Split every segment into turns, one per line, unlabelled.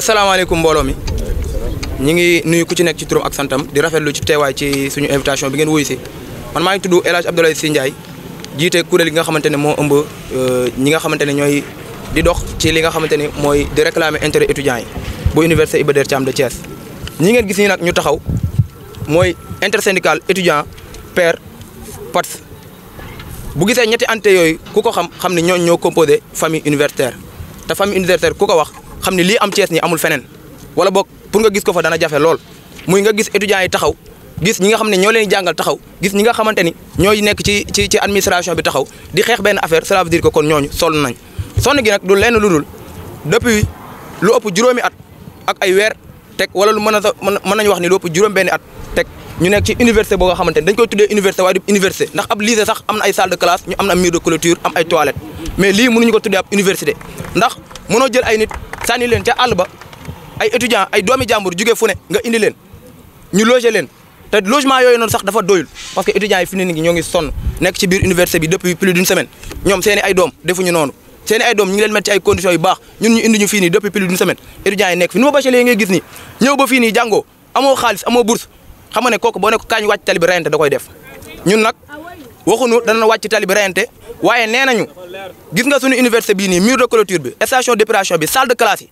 asalaamaaleykum mbooloo mi ñi ngi nuyu ku ci nekk ci turam ak santam di rafetlu ci teewaay ci suñu invitation bi ngeen wuyu si man maa ngi tudd El Hadj Abdoulaye Sy Ndiaye jiite kuréel gi nga xamante ne moo ëmb euh, ñi nga xamante ne ñooy di dox ci li nga xamante ne mooy di réclamer intérêt étudiants yi bu université Iba Der Thiam de Thiès ñi ngeen gis ñi nag ñu taxaw mooy intersyndical étudiant père PATS bu gisee ñetti ante yooyu ku ko xam xam ne ñooñu ñoo composé famille universitaire te famille universitaire ku ko wax xam ne lii am Thiès nii amul feneen wala boog pour nga gis ko fa dana jafe lool muy nga gis étudiants yi taxaw gis ñi nga xam ne ñoo leen jàngal taxaw gis ñi nga xamante ni ñooy nekk ci ci ci administration bi taxaw di xeex benn affaire cela veut dire que kon ñooñu sonn nañ sonn gi nag du lenn lu dul depuis lu ëpp juróomi at ak ay weer teg wala lu mën a mën nañu wax ni lu ëpp juróom benni at teg ñu nekk ci université boo nga xamante ni dañ koy tuddee université waaye du université ñu am na mur de clôture am ay toilettes mais ko tuddee ab ndax mënoo jël ay nit sànni leen ca àll ba ay étudiants ay doomi jàmbur jugee fu ne nga indi leen ñu loger leen te logement yooyu noonu sax dafa doyul parce que étudiants yi fi ni ngi ñoo ngi sonn nekk ci biir université bi depuis plus d'une semaine ñoom seen i ay doom defuñu noonu seen i ay doom ñu ngi leen mettre ci ay conditions yu baax ñun ñu indi ñu fii nii depuis plus d'une semaine étudiants yi nekk fi ni ma bachelier yi ngay gis nii ñëw ba fii nii amoo xaalis ne kooku boo ko kañ wàcc tali bi reyante da koy def waxuñu dana wàcc tali bi reyante waaye nee nañu gis nga suñu université bii nii mur de clôture bi station d'épuration bi salle de classe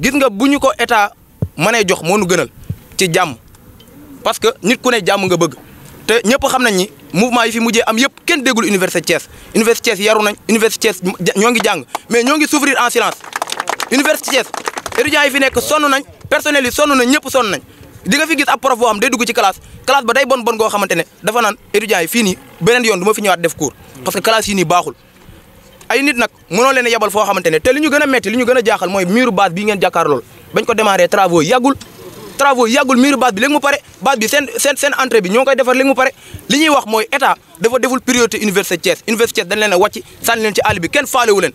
gis nga bu ñu ko état mënee jox moo nu gënal ci jàmm parce que nit ku ne jàmm nga bëgg te ñëpp xam nañ ni mouvement yi fi mujjee am yëpp kenn déggul université Thiès université Thiès yaru nañ université ñoo ngi jàng mais ñoo ngi souffrir en silence université Thiès étudiants yi fi nekk son nañ personnel son nañ ñëpp sonn nañ di fi gis ab prof boo xam day dugg ci classe classe ba day bon bon goo xamante ne dafa naan étudiants yi fii nii beneen yoon du ma fi ñëwaat def cours parce que classe yi nii baaxul ay nit nag mënoo leen yebal foo xamante ne te li ñu gën a metti li ñu gën a jaaxal mooy miiru base bii ngeen jàkkaar lool bañ ko démarré travaux yàggul travaux yàggul miiru base bi léegi mu pare base bi seen seen seen entrée bi ñoo koy defar léegi mu pare li ñuy wax mooy état dafa deful priorité université Thiès université Thiès dañ leen a àll bi kenn faalewu leen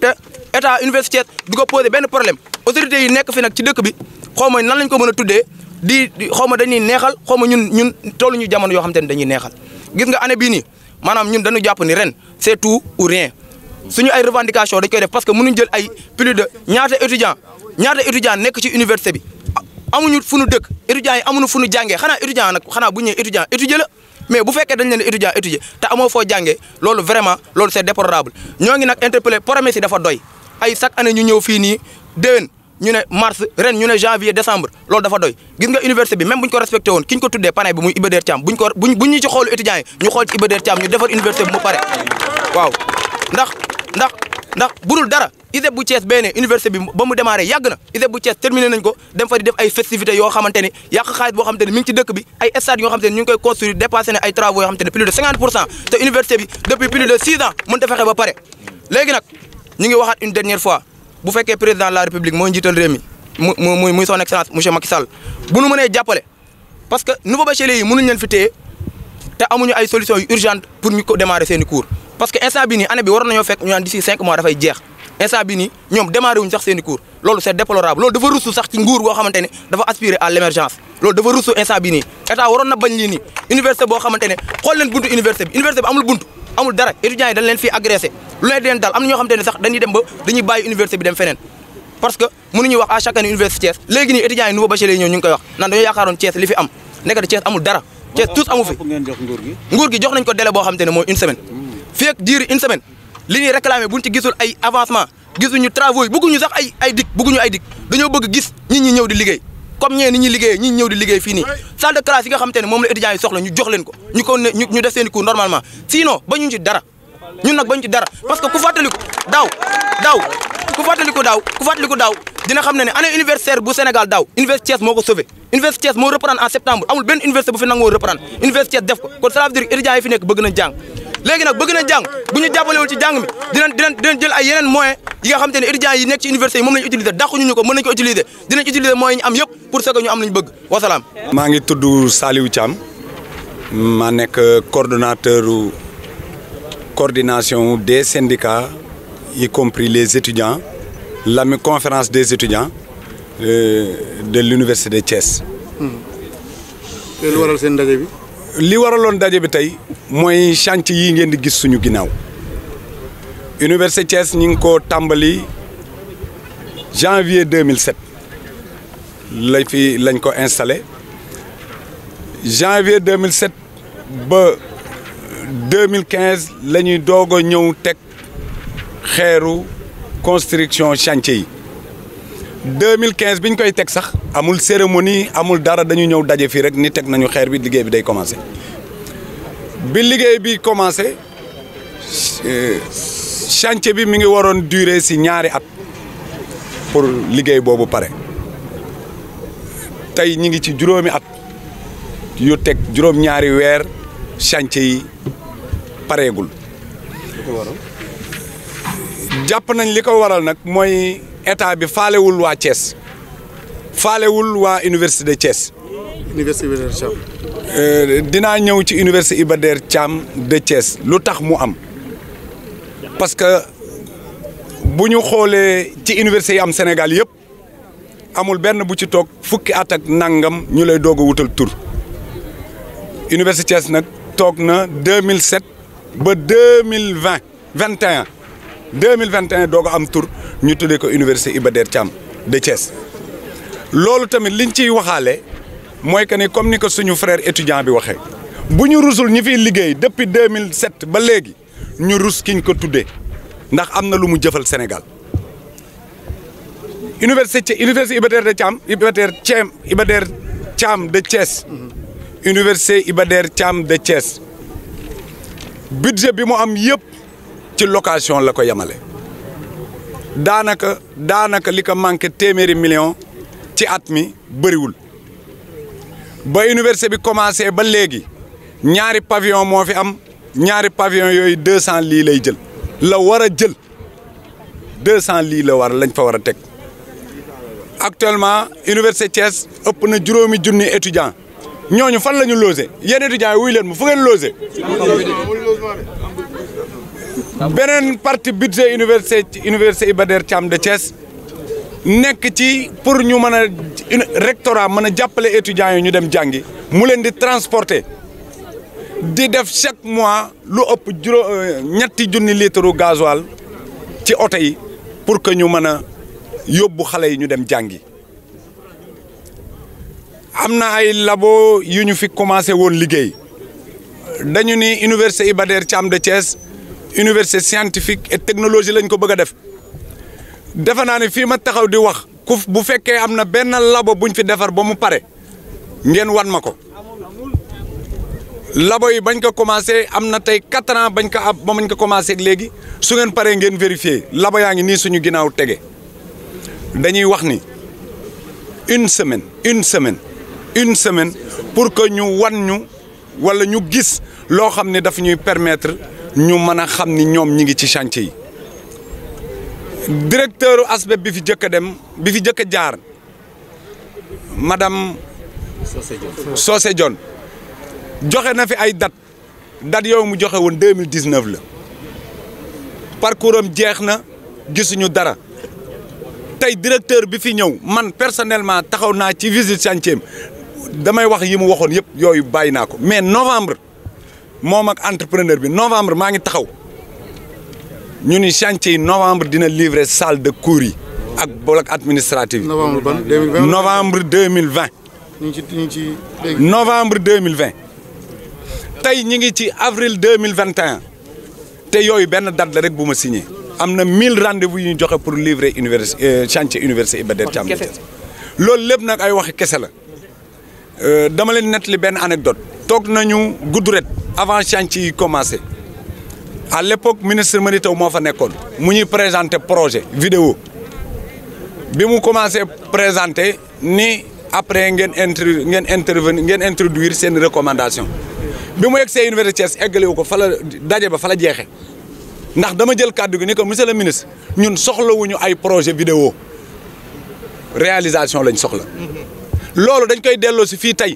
te état université ko posé benn problème autorité yi nekk fi nag ci dëkk bi xaw ma nan lañ ko mën a di xaw ma dañuy neexal xaw ma ñun ñun tollu ñu jamono yoo xam te ne dañuy neexal gis nga année bii nii maanaam ñun dañu jàpp ni ren c'est tout ou rien suñu ay revendication dañ koy def parce que mënuñ jël ay plus de ñaata étudiant ñaata étudiant nekk ci université bi amuñu fu nu dëkk étudiants yi amuñu fu nu jàngee xanaa étudiant nag xanaa bu ñu nee étudiant étudier la bu fekkee dañ leen étudiant étudier te amoo foo jàngee loolu vraiment loolu c'est déplorable ñoo ngi nag interpellé promesse yi dafa doy ay chaque année ñu ñëw fii nii déwén ñu ne mars ren ñu ne janvier décembre loolu dafa doy gis nga université bi même bu ñu ko respecté woon ki ñu ko tuddee parrain bi muy Iba Der Thiam buñ ko buñ buñ xoolu étudiants ñu xool ci Iba Der ñu defar université bi mu pare waaw ndax ndax ndax budul dara ISEP bu Thiès benn université bi ba mu démarré yàgg na ISEP bu Thiès terminé ko dem fa di def ay festivités yoo xamante ni yàq xaalis boo xamante ni mi ci dëkk bi ay stades yoo xamante ni ñu ngi te université bi depuis plus de 6 ans mënut a fexe ba pare léegi nag ñu bu fekkee président de la république mooy njiital réew mi mu mu muy son excellence monsieur Macky Sall bu nu mënee jàppale parce que nouveau bachelier yi mënuñ leen fi téye te amuñu ay solution yu urgente pour ñu ko démarrer seen i cours parce que instant bi nii année bi waroon fekk ñu naan d'ici cinq mois dafay jeex instant bi nii ñoom démarré wuñ sax seen i cours loolu c'est déplorable loolu dafa rusu sax ci nguur boo xamante ne dafa aspirer à l'émergence loolu dafa rusu instant bi nii état waroon na bañ lii nii université boo xamante ne xool leen buntu université bi université bi amul buntu amul dara étudiants lu ne deen dal am na ñoo xamante ne sax dañuy dem ba dañuy bàyyi université bi dem feneen parce que mënuñuy wax à chaque année université Thiès léegi nii étudiants yi nouveau bachelier ñoo ñu ngi koy wax naan dañoo yaakaaroon Thiès li fi am nekkati Thiès amul dara Thiès tous amu fi nguur gi ay avancement gisuñu travaux yi bëgguñu sax ay ay dig ay dig dañoo bëgg gis nit ñi ñëw di liggéey comme ñee ni ñuy liggéey ñi ñëw di liggéey fii nii salle de ñun nag bañ ci dara parce que ku fàttaliku daaw daaw ku fàttaliku daaw ku fàttaliku daaw dina xam ne ne année universitaire bu Sénégal daaw université moo ko sauvé université moo reprendre en septembre amul benn université bu fi nangoo reprendre université Thiès def ko kon ça veut dire yi fi nekk bëgg nañ jàng léegi nag bëgg na jàng bu ñu jàppalewul ci jàng mi dinañ dinañ dinañ jël ay yeneen moyens yi xam te ne étudiants yi nekk ci université yi moom lañu utiliser dàqu ñu ñu ko mën nañ ko utiliser dinañ utiliser moyens yi ñu am ñu am
maa ngi tudd Saliou Thiam maa nekk coordonnateur coordination des syndicats y compris les étudiants la conférence des étudiants euh, de l'université de Thiès. lu waral seen ndaje bi. li waraloon ndaje bi tey mooy chantier yi ngeen di gis suñu ginnaaw université Thiès ñi ngi ko tàmbali janvier 2007 lañ fi lañ ko installé janvier 2007 ba. 2015 la ñuy doog a ñëw teg xeeru constriction chantier yi 2015 bi ñu koy teg sax amul cérémonie amul dara dañu ñëw daje fii rek ni teg nañu xeer bi liggéey bi day commencé bi liggéey bi commencé euh, chantier bi mi ngi waroon durer si ñaari at pour liggéey boobu pare tey ñi ngi ci juróomi at yu teg juróom-ñaari weer chantier yi pareegul. jàpp nañ li ko waral nag mooy état bi faalewul waa Thiès faalewul waa université de Thiès. université euh, dinaa ñëw ci université Iba Der de Thiès lu tax mu am parce que bu ñu xoolee ci université yi am Sénégal yëpp amul benn bu ci toog fukki at ak nangam ñu lay doog a wutal tur université Thiès nag toog na 2007. ba deux mille vingt vingt et un deux mille vingt et un doo ko am tur ñu tuddee ko université Iba Der Thiam de Thiès loolu tamit liñ ciy waxaale mooy que ni comme ni ko suñu frère étudiant bi waxee bu ñu rusul ñi fiy liggéey depuis 2007 ba léegi ñu rus kiñ ko tuddee ndax am na lu mu jëfal Sénégal université université Iba Der de Thiam Iba Der Thiam Iba Der Thiam de Thiès université Iba Der de Thiès budget bi mu am yëpp ci location la ko yemale daanaka daanaka li ko manqué téeméeri million ci at mi bëriwul ba université bi commencé ba léegi ñaari pavillon moo fi am ñaari pavillon yooyu deux cent lii lay jël la war a jël deux cent lii la war lañ fa war a teg actuellement université Thiès ëpp na juróomi junni étudiant ñooñu fan la ñu logé yéen étudiants yi wuy leen mu fu ngeen logé beneen partie budget université université Iba Der Thiam de Thiès nekk ci pour ñu mën a rectorat mën a jàppale étudiants yi ñu dem jàngi mu leen di transporter di def chaque mois lu ëpp juróom euh, ñetti junni litre gasoil ci oto yi pour que ñu mën a yóbbu xale yi ñu dem jàngi am na ay labo yu ñu fi commencé woon liggéey dañu ni université Iba Der Thiam de Thiès université scientifique et technologie lañ ko bëgg a def defe naa ne fii ma taxaw di wax ku bu fekkee am na benn labo buñ fi defar ba mu pare ngeen wan ma ko labo yi bañ ko commencé am na tey quatre ans bañ ko ab ba mañ ko commencé léegi su ngeen paree ngeen vérifier labo yaa ngi nii suñu ginnaaw tege dañuy wax ni une semaine une semaine une semaine pour que ñu wan ñu wala ñu gis loo xam ne daf ñuy permettre ñu mën a xam ni ñoom ñi ngi ci chantier yi directeur aspect bi fi jëkk a dem bi fi jëkk a jaar madame Socé Dione joxe na fi ay dat date yow mu joxe woon deux mille dix-neuf la parcours am jeex na gisuñu dara tey directeur bi fi ñëw man personnellement taxaw naa ci visite chantier damay wax yi mu waxoon yëpp yooyu bàyyi naa ko mais novembre moom ak entrepreneur bi novembre maa ngi taxaw ñu ni chantier yi novembre dina livre salle de cours yi ak bloc administratif yi. novembre ban 2020 novembre 2020. ñu ngi ci ñu ngi ci novembre tey ñu ngi ci avril 2021 te yooyu benn date rek bu ma signé am na 1000 rendez-vous yu ñu joxe pour livrer université euh, chantier université Iba Der Thiam. loolu lépp nag ay waxi kese la. Euh, dama leen nettali benn anecdote toog nañu gudd ret avant chantier ci commencé à l'époque ministre Mary Teuw moo fa nekkoon mu ñuy présenté projet vidéo bi mu commencé présenter ni après ngeen intri ngeen intervenir ngeen introduire seen recommandation bi mu egsee université Thiès eggalewu ko fa la daje ba fa la jeexee ndax dama jël kàddu gi ni ko monsieur le ministre ñun soxlawuñu ay projet vidéo réalisation lañ soxla mm-hmm. loolu dañ koy delloo si fii tey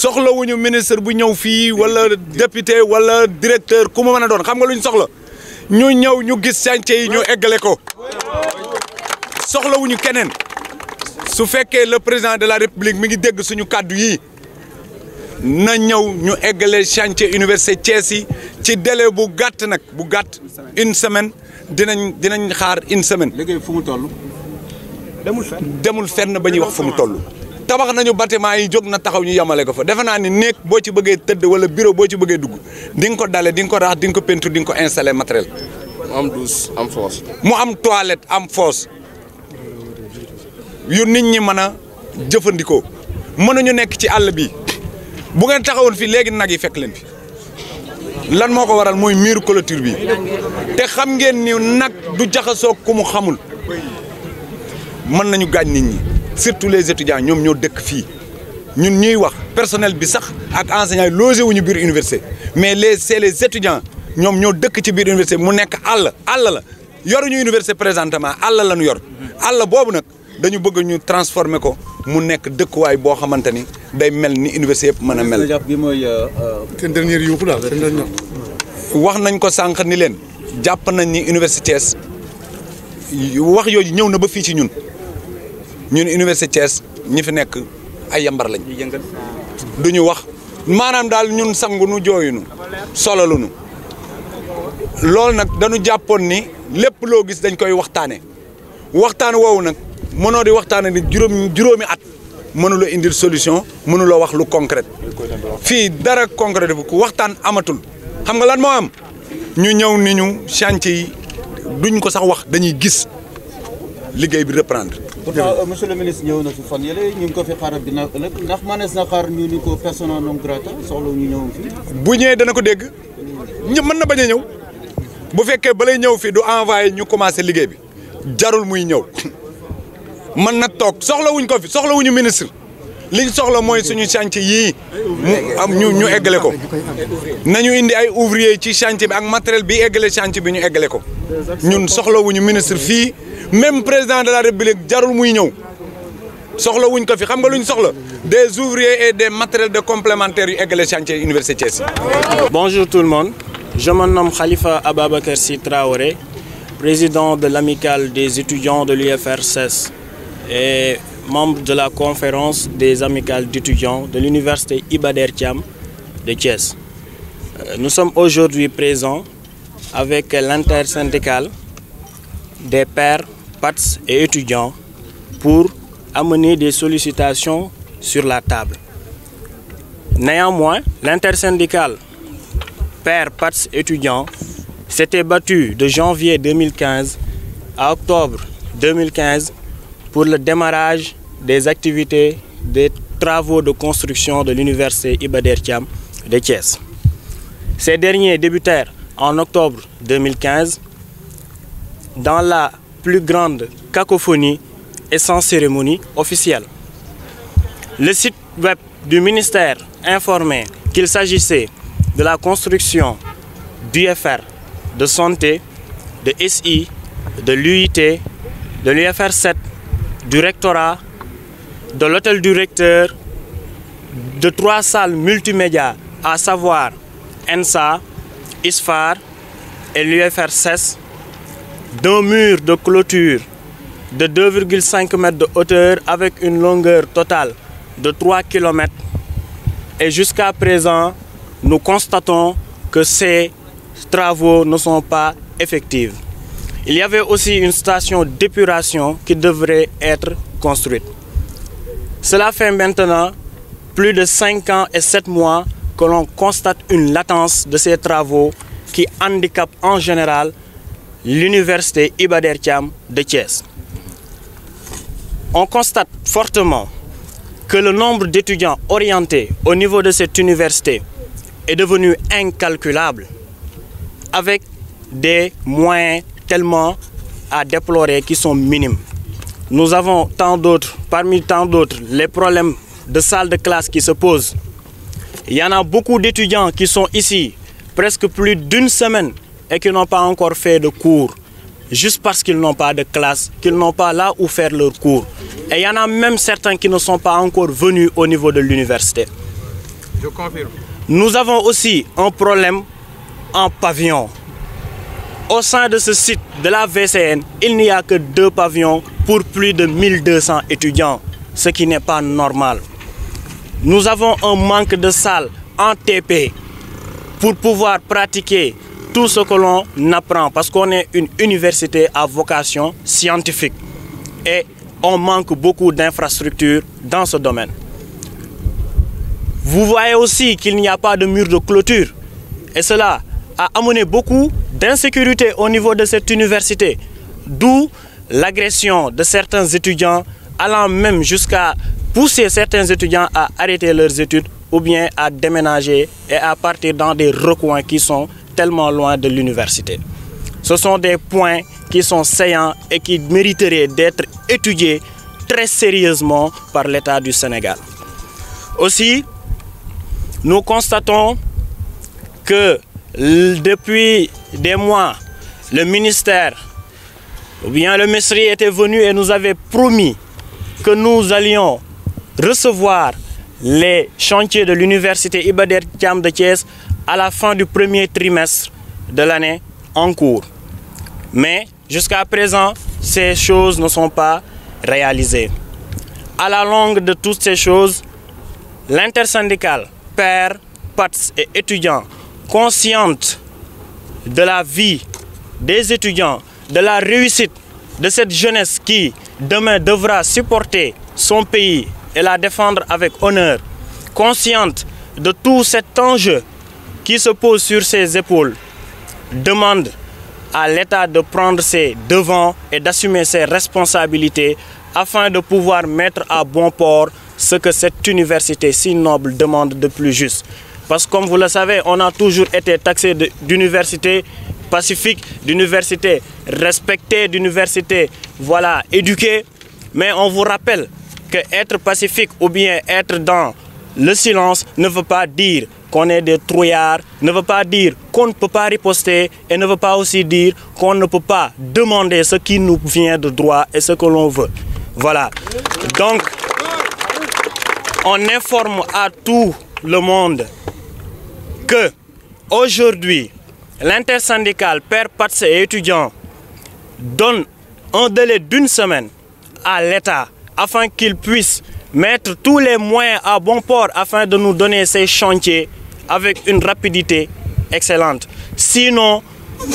soxlawuñu ministre bu ñëw fii wala député wala directeur ku ma mën a doon xam nga lu ñu soxla ñu ñëw ñu gis chantier yi ñu eggale ko soxlawuñu keneen su fekkee le président de la république mi ngi dégg suñu kàddu yi na ñëw ñu eggale chantier université Thiès yi ci délai bu gàtt nag bu gàtt une semaine dinañ dinañ xaar une semaine. liggéey fu mu toll. demul fenn ba ñuy wax fu mu toll. tabax nañu bâtiment yi jóg na taxaw ñu yemale ko fa defe naa ni néeg boo ci bëggee tëdd wala bureau boo ci bëggee dugg di nga ko dale di nga ko rax di ko peinture di ko installé matériel. mu am douche am fosse. mu am toilette am fosse yu nit ñi mën a jëfandikoo mënuñu nekk ci àll bi bu ngeen taxawoon fii léegi nag yi fekk leen fi lan moo ko waral mooy miiru clôture bi te xam ngeen ni nag du jaxasoo ku mu xamul mën nañu gaañ nit ñi. surtout les étudiants ñoom ñoo dëkk fii ñun ñuy wax personnel bi sax ak enseignants yi logé wuñu biir université mais les c'est les étudiants ñoom ñoo dëkk ci biir université mu nekk àll àll la yoruñu université présentement àll la ñu yor àll boobu nag dañu bëgg ñu transformer ko mu nekk dëkkuwaay boo xamante ni day mel ni université yëpp mën a mel. bi mooy euh, euh, seen dernier yuuxu daal wax nañ ko sànq ni leen jàpp nañ ni université wax yooyu ñëw na ba fii ci ñun. ñun université Thiès ñi fi nekk ay yambar lañ du ñu wax maanaam daal ñun sangunu jooyunu solalunu loolu nag dañu jàppoon ni lépp loo gis dañ koy waxtaane waxtaan woowu nag mënoo di waxtaane ni juróom juróomi at mënuloo indil solution mënuloo wax lu concret fii dara concret bu ko waxtaan amatul xam nga lan moo am ñu ñëw ni ñu chantier yi duñ ko sax wax dañuy gis liggéey bi reprendre.
pourtant euh, monsieur le ñëw na fi fan yële ñu ngi ko fi xaaral dina ëllëg ndax manees na xaar ñu ni ko persona non grata soxla ñu ñëw fi bu
ñëwee dana ko dégg mën na bañ a ñëw bu fekkee balay ñëw fii du envoyé ñu commencé liggéey bi jarul muy ñëw mën na toog soxlawuñ ko fi soxlawuñu ministre liñ soxla mooy suñu chantier yii mu am ñu ñu eggale ko nañu indi ay ouvrier ci chantier bi ak matériel bi eggale chantier bi ñu eggale ko ñun soxlawuñu ministre fii même président de la république jarul muy ñëw soxla wuñ ko fi xam nga luñ soxla des ouvriers et des matériels de complémentaires yu eggale chantier université Thiès
bonjour tout le monde je me nomme Khalifa Ababacar Sy Traoré président de l'amicale des étudiants de l'UFR CES et membre de la conférence des amicales d'étudiants de l'université Iba Der Thiam de Thiès. Euh, nous sommes aujourd'hui présents avec l'intersyndicale des pairs, PATS et étudiants pour amener des sollicitations sur la table. Néanmoins, l'intersyndicale pairs, PATS, étudiants s'était battue de janvier 2015 à octobre 2015 pour le démarrage des activités des travaux de construction de l'université Iba Der Thiam de Thiès. Ces derniers débutèrent en octobre 2015 dans la plus grande cacophonie et sans cérémonie officielle. Le site web du ministère informait qu'il s'agissait de la construction d'UFR, de santé, de SI, de l'UIT, de l'UFR 7, du rectorat, de l'hôtel du recteur, de trois salles multimédia, à savoir ENSA, ISFAR et l'UFR 16 d'un mur de clôture de 2,5 mètres de hauteur avec une longueur totale de 3 km. Et jusqu'à présent, nous constatons que ces travaux ne sont pas effectifs. Il y avait aussi une station d'épuration qui devrait être construite. Cela fait maintenant plus de 5 ans et 7 mois que l'on constate une latence de ces travaux qui handicapent en général l'université Iba Der de Thiès. On constate fortement que le nombre d'étudiants orientés au niveau de cette université est devenu incalculable avec des moyens tellement à déplorer qui sont minimes. Nous avons tant d'autres, parmi tant d'autres, les problèmes de salles de classe qui se posent. Il y en a beaucoup d'étudiants qui sont ici presque plus d'une semaine et qui n'ont pas encore fait de cours, juste parce qu'ils n'ont pas de classe, qu'ils n'ont pas là où faire leurs cours. Et il y en a même certains qui ne sont pas encore venus au niveau de l'université. Je Nous avons aussi un problème en pavillon. Au sein de ce site de la VCN, il n'y a que deux pavillons pour plus de 1200 étudiants, ce qui n'est pas normal. Nous avons un manque de salles en TP pour pouvoir pratiquer tout ce que l'on apprend, parce qu'on est une université à vocation scientifique et on manque beaucoup d'infrastructures dans ce domaine. Vous voyez aussi qu'il n'y a pas de mur de clôture et cela a amené beaucoup d'insécurité au niveau de cette université, d'où l'agression de certains étudiants allant même jusqu'à pousser certains étudiants à arrêter leurs études ou bien à déménager et à partir dans des recoins qui sont tellement loin de l'université. Ce sont des points qui sont saillants et qui mériteraient d'être étudiés très sérieusement par l'État du Sénégal. Aussi, nous constatons que depuis des mois, le ministère ou le ministre était venu et nous avait promis que nous allions recevoir les chantiers de l'université Ibader Thiam de Thiès à la fin du premier trimestre de l'année en cours. Mais jusqu'à présent, ces choses ne sont pas réalisées. À la longue de toutes ces choses, l'intersyndicale, pères, PATS et étudiants, consciente de la vie des étudiants, de la réussite de cette jeunesse qui, demain, devra supporter son pays et la défendre avec honneur, consciente de tout cet enjeu qui se pose sur ses épaules demande à l'État de prendre ses devants et d'assumer ses responsabilités afin de pouvoir mettre à bon port ce que cette université si noble demande de plus juste. Parce que comme vous le savez, on a toujours été taxé d'université pacifique, d'université respectée, d'université voilà, éduquée. Mais on vous rappelle que être pacifique ou bien être dans Le silence ne veut pas dire qu'on est des trouillards, ne veut pas dire qu'on ne peut pas riposter et ne veut pas aussi dire qu'on ne peut pas demander ce qui nous vient de droit et ce que l'on veut. Voilà. Donc, on informe à tout le monde que aujourd'hui, l'intersyndicale Père Patse et étudiants donne un délai d'une semaine à l'État afin qu'il puisse mettre tous les moyens à bon port afin de nous donner ces chantiers avec une rapidité excellente. Sinon,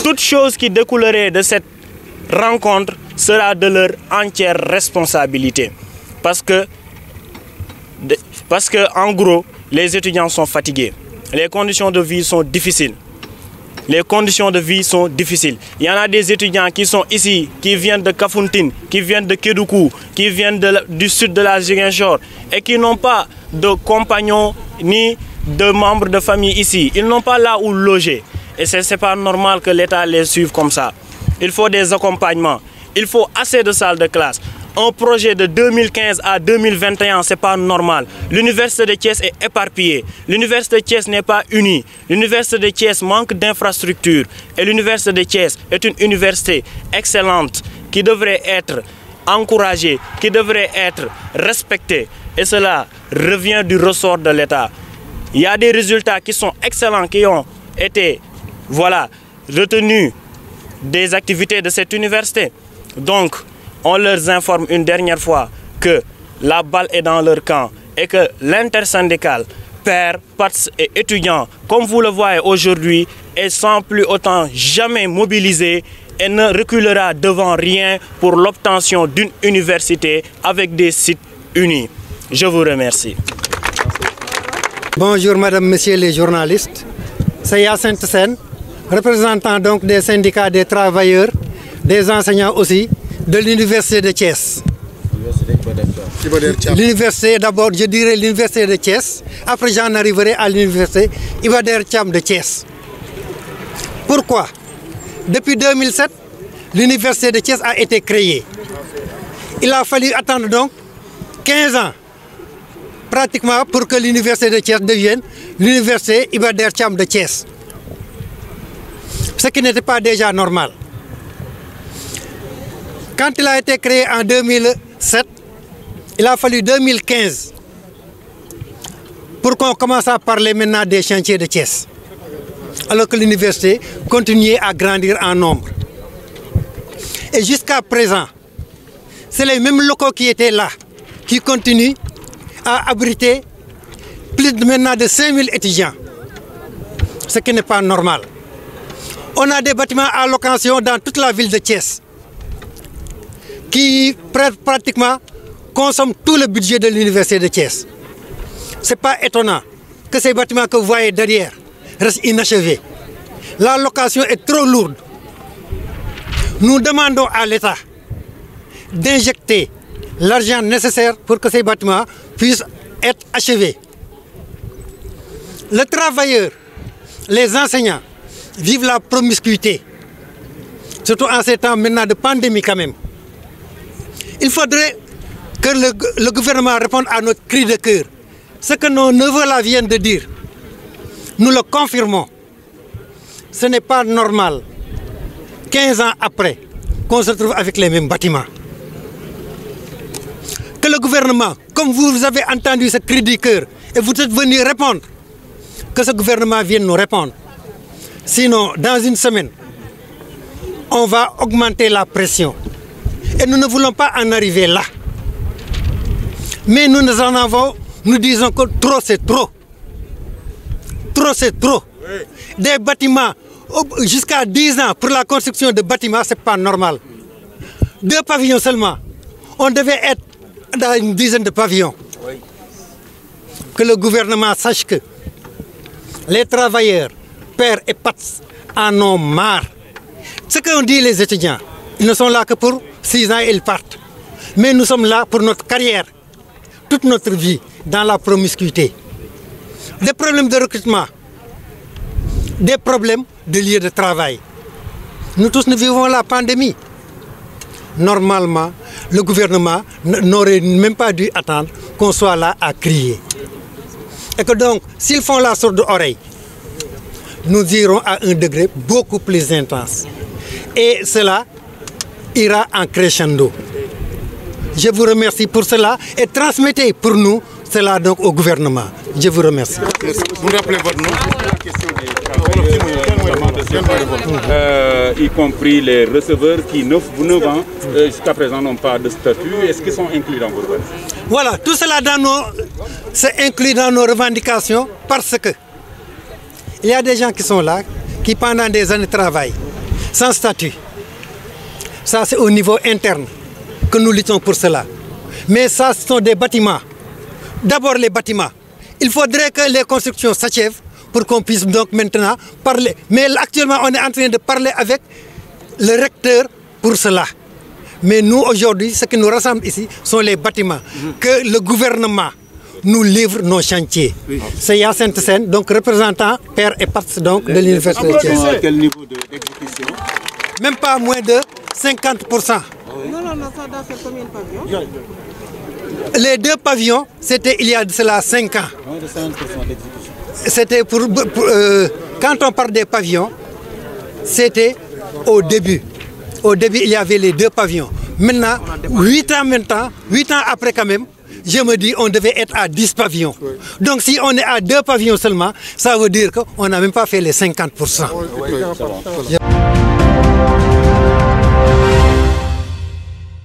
toute chose qui découlerait de cette rencontre sera de leur entière responsabilité. Parce que, parce que en gros, les étudiants sont fatigués. Les conditions de vie sont difficiles. Les conditions de vie sont difficiles. Il des étudiants qui sont ici, qui viennent de Kafountine, qui viennent de Kédougou, qui viennent de, du sud de la Ziguinchor et qui n'ont pas de compagnons ni de membres de famille ici. Ils n'ont pas là où loger. Et ce n'est pas normal que l'État les suive comme ça. Il faut des accompagnements. Il faut assez de salles de classe. un projet de 2015 à 2021, ce n'est pas normal. L'université de Thiès est éparpillée. L'université de Thiès n'est pas unie. L'université de Thiès manque d'infrastructures. Et l'université de Thiès est une université excellente qui devrait être encouragée, qui devrait être respectée. Et cela revient du ressort de l'État. Il y a des résultats qui sont excellents, qui ont été voilà, retenus des activités de cette université. Donc, on leur informe une dernière fois que la balle est dans leur camp et que l'intersyndicale, père, parts et étudiants, comme vous le voyez aujourd'hui, est sans plus autant jamais mobilisé et ne reculera devant rien pour l'obtention d'une université avec des sites unis. Je vous
remercie. Bonjour madame, messieurs les journalistes. C'est Yacine Sen, représentant donc des syndicats des travailleurs, des enseignants aussi, de l'université de Thiès. L'université d'abord, je dirais l'université de Thiès. Après, j'en arriverai à l'université Ibader Thiam de Thiès. Pourquoi Depuis 2007, l'université de Thiès a été créée. Il a fallu attendre donc 15 ans, pratiquement, pour que l'université de Thiès devienne l'université Ibader Thiam de Thiès. Ce qui n'était pas déjà normal. Quand il a été créé en 2007, il a fallu 2015 pour qu'on commence à parler maintenant des chantiers de Thiès, alors que l'université continuait à grandir en nombre. Et jusqu'à présent, c'est les mêmes locaux qui étaient là, qui continuent à abriter plus de maintenant de 5000 étudiants, ce qui n'est pas normal. On a de bâtiments à location dans toute la ville de Thiès. qui pratiquement consomme tout le budget de l'université de Thiès. Ce n'est pas étonnant que ces bâtiments que vous voyez derrière restent inachevés. La location est trop lourde. Nous demandons à l'État d'injecter l'argent nécessaire pour que ces bâtiments puissent être achevés. Le travailleur, les enseignants vivent la promiscuité, surtout en ces temps maintenant de pandémie quand même. Il faudrait que le, le, gouvernement réponde à notre cri de cœur. Ce que nos neveux là viennent de dire, nous le confirmons. Ce n'est pas normal, 15 ans après, qu'on se trouve avec les mêmes bâtiments. Que le gouvernement, comme vous, vous avez entendu ce cri du cœur, et vous êtes venu répondre, que ce gouvernement vienne nous répondre. Sinon, dans une semaine, on va augmenter la pression. Et nous ne voulons pas en arriver là. Mais nous nous en avons, nous disons que trop c'est trop. Trop Des bâtiments, jusqu'à 10 ans pour la construction de bâtiments, ce pas normal. Deux pavillons seulement. On devait être dans une dizaine de pavillons. Que le gouvernement sache que les travailleurs, pères et pattes, en ont marre. Ce qu'on dit les étudiants, ils ne sont là que pour six ans, ils parte Mais nous sommes la pour notre carrière, toute notre vie, dans la promiscuité. Des problèmes de recrutement, des problèmes de lieu de travail. Nous tous, nous vivons la pandémie. Normalement, le gouvernement n'aurait même pas dû attendre qu'on soit là à crier. Et que donc, s'ils font la de oreille, nous irons à un degré beaucoup plus intense. Et cela ira en crescendo. Je vous remercie pour cela et transmettez pour nous cela donc au gouvernement. Je vous remercie. Vous rappelez votre
nom euh, y compris les receveurs qui, 9 ou 9 ans, euh, jusqu'à présent, statut.
Voilà, tout cela dans nos... c'est parce que il y a des gens qui sont là, qui pendant des années travaillent sans statut. Ça, c'est au niveau interne que nous luttons pour cela. Mais ça, ce sont des bâtiments. D'abord les bâtiments. Il faudrait que les constructions s'achèvent pour qu'on puisse donc maintenant parler. Mais actuellement, on est en de parler avec le recteur pour cela. Mais nous, aujourd'hui, ce qui nous rassemble ici sont les bâtiments que le gouvernement nous livre nos chantiers. Oui. C'est Yacine Sen, donc représentant père et partie donc, de l'université. À quel Même pas moins de 50 pour cent. non les deux pavillons c'était il y a de cela cinq ans. pour cent d'exécution. c'était pour, euh, quand on parle des pavillons c'était au début au début il y avait les deux pavillons maintenant huit ans maintenant huit après quand même je me dis on devait être à dix pavillons oui. donc si on est à deux pavillons seulement ça veut dire qu'on n'a même pas fait les cinquante pour cent